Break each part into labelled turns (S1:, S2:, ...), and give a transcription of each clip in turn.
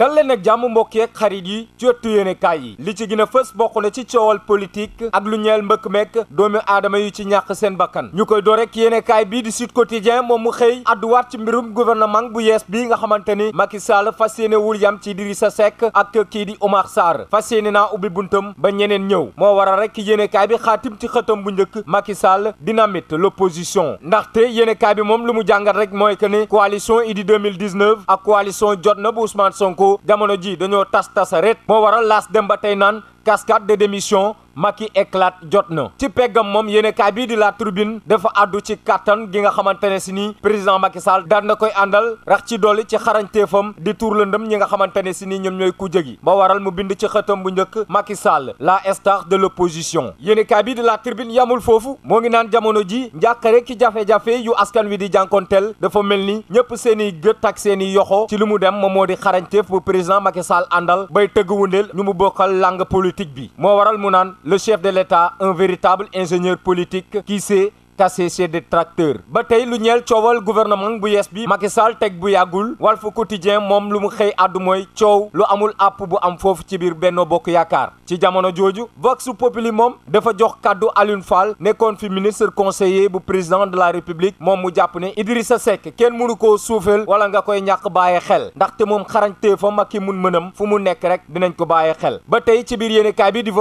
S1: dalle nag jàmm mbokk yeeg xarit yi ci ëttu yéenekaay yi li ci gën a fës bokk na ci coowal politique ak lu ñeel mbëkk mekk doomi aadama yu ci ñàkk seen bakkan ñu koy do rek yéenekaay bii di Sud Quotidien moom mu xëy àdduwaat ci mbirum gouvernement bu yees bi nga xamante ni Macky Sall fas yéene wul yam ci Idrissa Seck ak kii di Omar Sarr fas yéene naa ubbi buntam ba ñeneen ñëw moo waral rek yéenekaay bi xaatim ci xëtam bu njëkk Macky Sall dynamite l'opposition ndaxte yéenekaay bi moom lu mu jàngat rek mooy que ne coalition Idy 2019 ak coalition jot na bu Ousmane jamono ji dañoo tas ret moo waral laas dem ba tey naan cascade de démission Maki éclate jot na ci yene yene kay di la tribune dafa Aduchi ci carton gi nga xamantene ci ni président Macky Sall na koy Andal, rax ci doli ci xarañteefam di tour lëndëm nga xamantene ci ni ñom waral mu bind ci bu Macky la star de l'opposition Yene bi di la tribune yamul fofu. mo ngi naan jamono ji ki jafe-jafe yu askan wi di jankontel dafa melni ni seeni ni ak seeni yoxo ci dem bu président Macky Sall Andal, bay teggu wundel ñu langue politique bi mo waral mu le chef de l'État, un véritable ingénieur politique qui sait tase chez des tracteurs ba tey lu ñeel coowal gouvernement bu yees bi Macky Sall teg bu yàggul Walf Quotidien moom lu mu xëy àddu mooy coow lu amul àpp bu am foofu ci biir Benno Bokk Yaakaar ci jamono jooju Vox Populi moom dafa jox kàddu Alioune nekkoon fi ministre conseiller bu président de la République moom mu jàpp ne Idrissa Seck kenn mënu koo suufeel wala nga koy ñàkk bàyyi xel ndaxte moom xarañtee fa Macky mun mënam fu mu nekk rek dinañ ko bàyyi ba tey ci biir yéenekaay bi di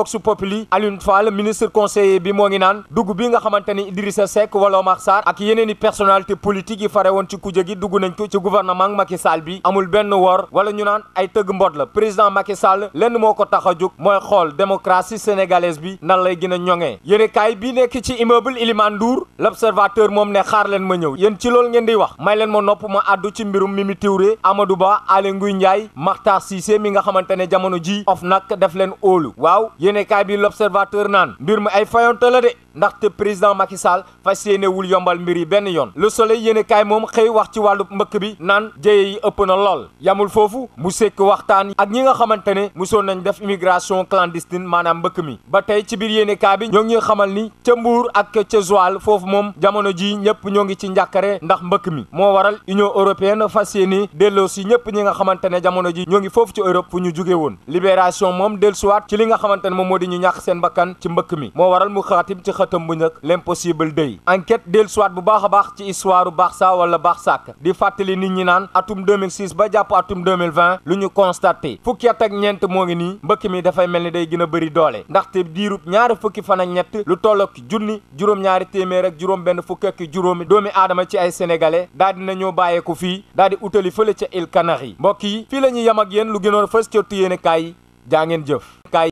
S1: Idrissa Seck wala Omar Sarr ak yeneen i personnalité politique yi fare woon ci kujje gi dugg nañ ko ci gouvernement Macky Sall bi amul benn wor wala ñu naan ay tëgg mbot la président Macky lenn moo ko tax a jóg mooy xool démocratie sénégalaise bi nan lay gën a ñoŋee yéene kaay bi nekk ci immeuble Ilimane Ndour l'observateur moom ne xaar leen ma ñëw yéen ci lool ngeen di wax may leen ma nopp ma àddu ci mbirum Mimi Touré Amadou Ba Aly Ngouille Ndiaye Makhtar Cissé mi nga xamante ne jamono ji of nag def leen óolu waaw yéene ndaxte président Macky Sall fas yéenewul yombal mbir yi benn yoon le soleil yéene moom xëy wax ci wàllu mbëkk bi naan jéye yi ëpp na lool yamul foofu mu sekk waxtaan ak ñi nga xamante ne mosoon nañ def immigration clandestine maanaam mbëkk mi ba tey ci biir yéene bi ñoo ngi xamal ni ca Mbuur ak ca Joal foofu moom jamono ji ñëpp ñoo ngi ci njàkkare ndax mbëkk mi moo waral union européenne fas yéene delloo si ñëpp ñi nga xamante ne jamono ji ñoo ngi foofu ci Europe ñu jóge woon libération moom dellusiwaat ci li nga xamante ne moom moo ñu ñàkk seen bakkan ci mbëkk mi moo waral mu xëtam bu njëkk l'impossible dëy enquête del soit bu baax baax ci histoire Barça wala Barsakk di fàttali nit ñi naan atum 2006 ba japp atum 2020 lu ñu constaté fukki at ak ñeent moo ngi nii mbëkk mi da fay melni day gëna bëri doole ndax te diirub ñaari fukki fan ak ñett lu tollok jooni juroom ñaari téeméer ak juroom benn fukki ak juroomi doomi aadama ci ay sénégalais daal dina ñoo ko fi daal di utali fële ca Îles Canaries mbokk yi fii la ñuy ak yeen lu gënoon fës ca tuyéene kaay jaa ngeen jëf kay